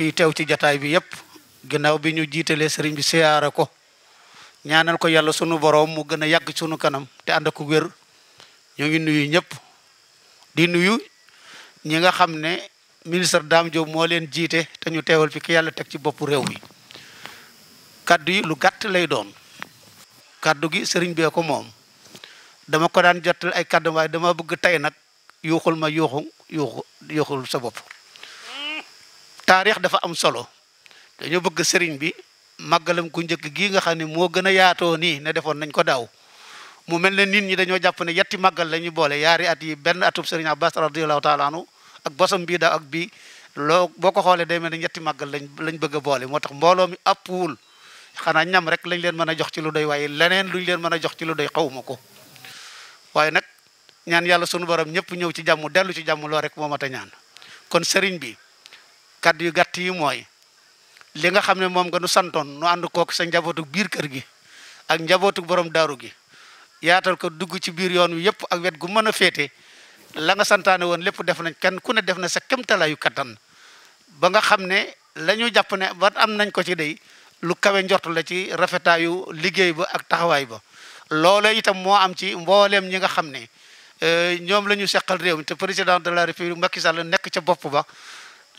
mbokk teew ci jataay bi yépp ginnaaw bi ñu jiitalee sëriñ bi siyaara ko ñaanal ko yàlla sunu boroom mu gën a yàgg sunu kanam te ànd ak wér ñu ngi nuyu ñëpp di nuyu ñi nga xam ne ministre Dame Diop moo leen jiite te ñu teewal fi ki yàlla teg ci boppu réew mi kaddu yi lu gàtt lay doon kaddu gi sëriñ bee ko moom dama ko daan jottal ay kaddu waaye dama bëgg tey nag yuuxul ma yuuxu yuuxu yuuxul sa bopp taarix dafa am solo dañoo bëgg sëriñ bi màggalam ku njëkk gii nga xam ne moo gën a yaatoo nii ne defoon nañ ko daaw mu mel ne nit ñi dañoo jàpp ne yetti màggal la ñuy boole yaari at yi benn atub sëriñ Abbas radiyallahu taala anhu ak bosam bii daaw ak bii loo boo ko xoolee day mel ne ñetti màggal lañ lañ bëgg a boole moo tax mbooloo mi àppwul xanaa ñam rek lañ leen mën a jox ci lu doy waaye leneen luñ leen mën a jox ci lu doy xawma ko waaye nag ñaan yàlla sunu borom ñëpp ñëw ci jàmm dellu ci jàmm rek moo mat a ñaan kaddu yu gàtt yi mooy li nga xam ne moom nga nu santoon nu ànd kook sa njabootu biir kër gi ak njabootu borom daaru gi yaatal ko dugg ci biir yoon wi yëpp ak wet gu mën a féete la nga santaane woon lépp def nañ kenn ku ne def na sa kéemtalaayu kattan ba nga xam ne la jàpp ne ba am nañ ko ci day lu kawe njort la ci rafetaayu liggéey ba ak taxawaay ba loola itam moo am ci mbooleem ñi nga xam ne eh, ñoom la ñu seqal réew mi te président de la république nekk ca bopp ba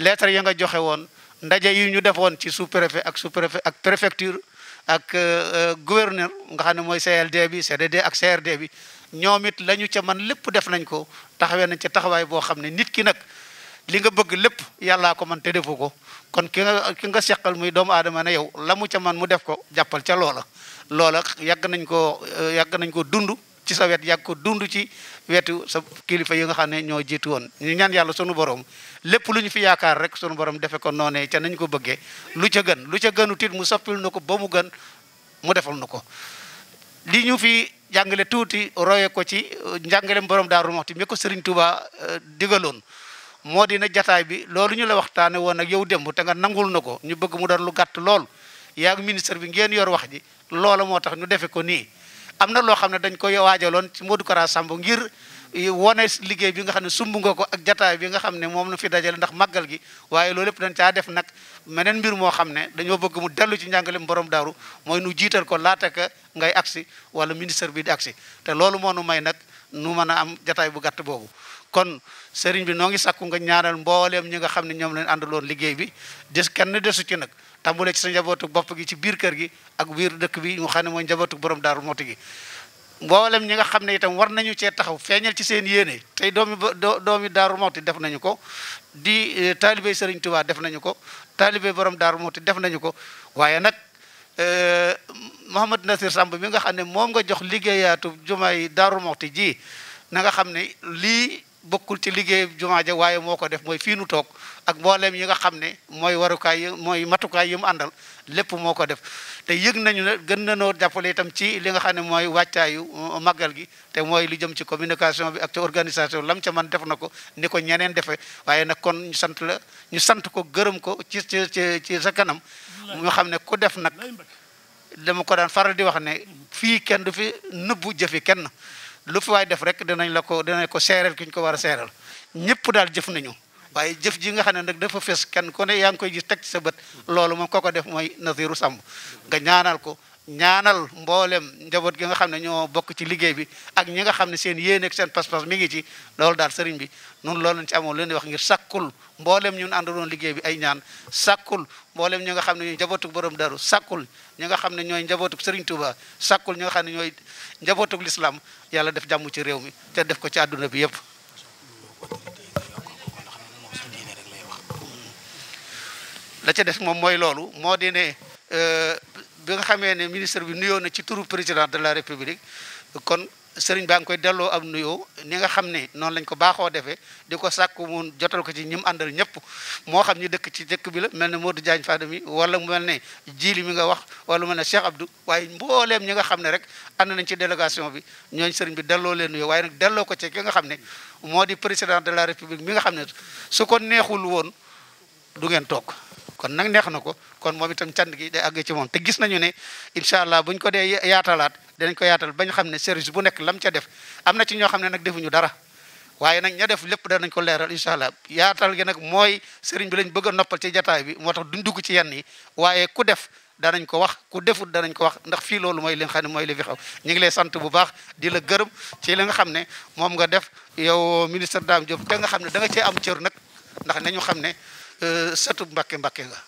lettre ya nga joxe woon ndaje yi ñu defoon ci sous préfet ak sous préfet ak préfecture ak euh, euh, gouverneur nga xam ne mooy CLD bi CDD ak CRD bi ñoom it la ca man lépp def nañ ko taxawee nañ ca taxawaay boo xam ne nit ki nag li nga bëgg lépp yàllaa ko man te defu ko kon ki nga ki nga seqal muy doomu aadama ne yow la mu ca man mu def ko jàppal ca loola loola yàgg nañ ko euh, yàgg nañ ko dund ci sa wet yàgg ko dund ci wetu sa kilifa yi nga xam ne ñoo jiitu woon ñu ñaan yàlla sunu borom lépp lu ñu fi yaakaar rek sunu borom defe ko noonee ca nañ ko bëggee lu ca gën lu ca gënu tit mu soppil na ko ba mu gën mu defal na ko li ñu fi jàngale tuuti royee ko ci uh, njàngale borom Daaru ti mi ko Sëriñ Tuuba uh, digaloon moo dina jataay bi loolu ñu la waxtaane woon ak yow démb te nga nangul na ko ñu bëgg mu doon lu gàtt lool yaa ngi bi ngeen yor wax ji loola moo tax ñu defe ko nii am na loo xam ne dañ koy waajaloon ci Modou Kara Samb ngir wane liggéey bi nga xam ne sumb nga ko ak jataay bi nga xam ne moom la fi dajale ndax màggal gi waaye loolu lépp dañ caa def nag meneen mbir moo xam ne dañoo bëgg mu dellu ci njàngalem borom daaru mooy nu jiital ko laata ka ngay agsi wala ministère bi di agsi te loolu moo nu may nag nu mën a am jataay bu gàtt boobu kon sëriñ bi noo ngi sakku nga ñaanal mbooleem ñi nga xam ne ñoom lañ àndaloon liggéey bi des kenn desu ci nag tàmbalee ci sa njabootu bopp gi ci biir kër gi ak biir dëkk bi mu xam ne mooy njabootu borom daaru mooti gi mboolem ñi nga xam ne itam war nañu cee taxaw feeñal ci seen yéene tey doomi doomi daaru ti def nañu ko di eh, taalibe sëriñ Tuubaa def nañu ko taalibe borom daaru mawti def nañu ko waaye nag Euh, Mouhamad Nasir Samb mi nga xam ne moom nga jox liggéeyaatu jumaay Daaru Moxti ji na nga xam ne lii bokkul ci liggéey jumaa ja waaye moo ko def mooy fii nu toog ak mbooleem yi nga xam ne mooy warukaay yi mooy matukaay yi mu àndal lépp moo ko def te yëg nañu ne gën na noo jàppale itam ci li nga xam ne mooy wàccaayu uh, màggal gi te mooy lu jëm ci communication bi ak ci organisation lam ca man def na ko ni ko ñeneen defee waaye nag kon ñu sant la ñu sant ko gërëm ko ci ci ci nga xam ne ku def nag dama ko daan faral di wax ne fii kenn du fi nëbbu jëfi kenn lu fi waay def rek dinañ la ko dinañ ko seeral ki ñu ko war a seeral ñëpp daal jëf nañu waaye jëf ji nga xam ne nag dafa fes kenn ku ne yaa ngi koy gis teg sa bët loolu moom ko ko def mooy Nazirou Samb nga ñaanal ko ñaanal mboolem njaboot gi nga xam ne ñoo bokk ci liggéey bi ak ñi nga xam ne seen yéene ak seen pas-pas mi ngi ci loolu daal sëriñ bi noonu loolu lañ ci amoon leen di wax ngir sakkul mboolem ñun àndaloon liggéey bi ay ñaan sakkul mboolem ñi nga xam ne ñooy njabootug borom daru sakkul ñi nga xam ne ñooy njabootug sëriñ Touba sakkul ñu nga xam ne ñooy njabootug l'islam yàlla def jàmm ci réew mi te def ko ci àdduna bi yëpp. la ca des moom mooy loolu moo di euh, bi nga xamee ne ministre bi nuyoo na ci turu président de la république kon sëriñ baa ngi koy delloo am nuyoo ni nga xam ne noonu lañ ko baaxoo defee di ko sàkku mu jotal ko ci ñim àndal ñëpp moo xam ñu dëkk ci dëkk bi la mel ne Modou Diagne Fada mi wala mel ne Jili mi nga wax wala mu ne Cheikh Abdou waaye mbooleem ñi nga xam ne rek ànd nañ ci délégation bi ñooñ sëriñ bi delloo leen waaye nag delloo ko ci ki nga xam ne moo di président de la république mi nga xam ne su ko neexul woon du ngeen toog kon nag neex na ko kon moom itam cant gi day àgg ci moom te gis nañu ne incha allah buñ ko dee yaatalaat dinañ ko yaatal bañ xam ne service bu nekk lam ca def am na ci ñoo xam ne nag defuñu dara waaye nag ña def lépp danañ ko leeral incha allah yaatal gi nag mooy sëriñ bi lañ bëgg a noppal ci bi moo tax duñ dugg ci yenn yi waaye ku def danañ ko wax ku defut danañ ko wax ndax fii loolu mooy li nga ne mooy li fi xaw ngi lay sant bu baax di la gërëm ci li nga xam ne moom nga def yow ministre Dame Diop te nga xam ne da nga cee am cër nag ndax nañu xam ne Euh, satu Mbàkke mbakke nga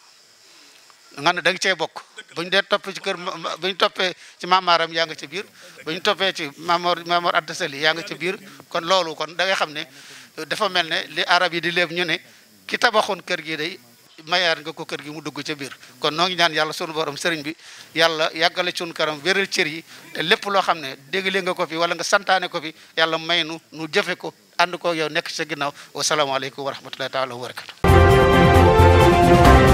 nga ne da cee bokk bu ñu dee topp ci kër bu ñu toppee ci maamaaram yaa nga ci biir bu ñu toppee ci maamoor maamoor Anta Sali yaa nga ci biir kon loolu kon da xam ne dafa mel ne li arab yi di léeb ñu ne ki tabaxoon kër gi day mayaat nga ko kër gi mu dugg ca biir kon noo ngi ñaan yàlla sunu borom sëriñ bi yàlla yàggale sunu karam wéral cër yi te lépp loo xam ne dégle nga ko fi wala nga santaane ko fi yàlla may nu nu jëfe ko ànd koo yow nekk sa ginnaaw wasalaamaaleykum wa rahmatullahi taala wa barakatu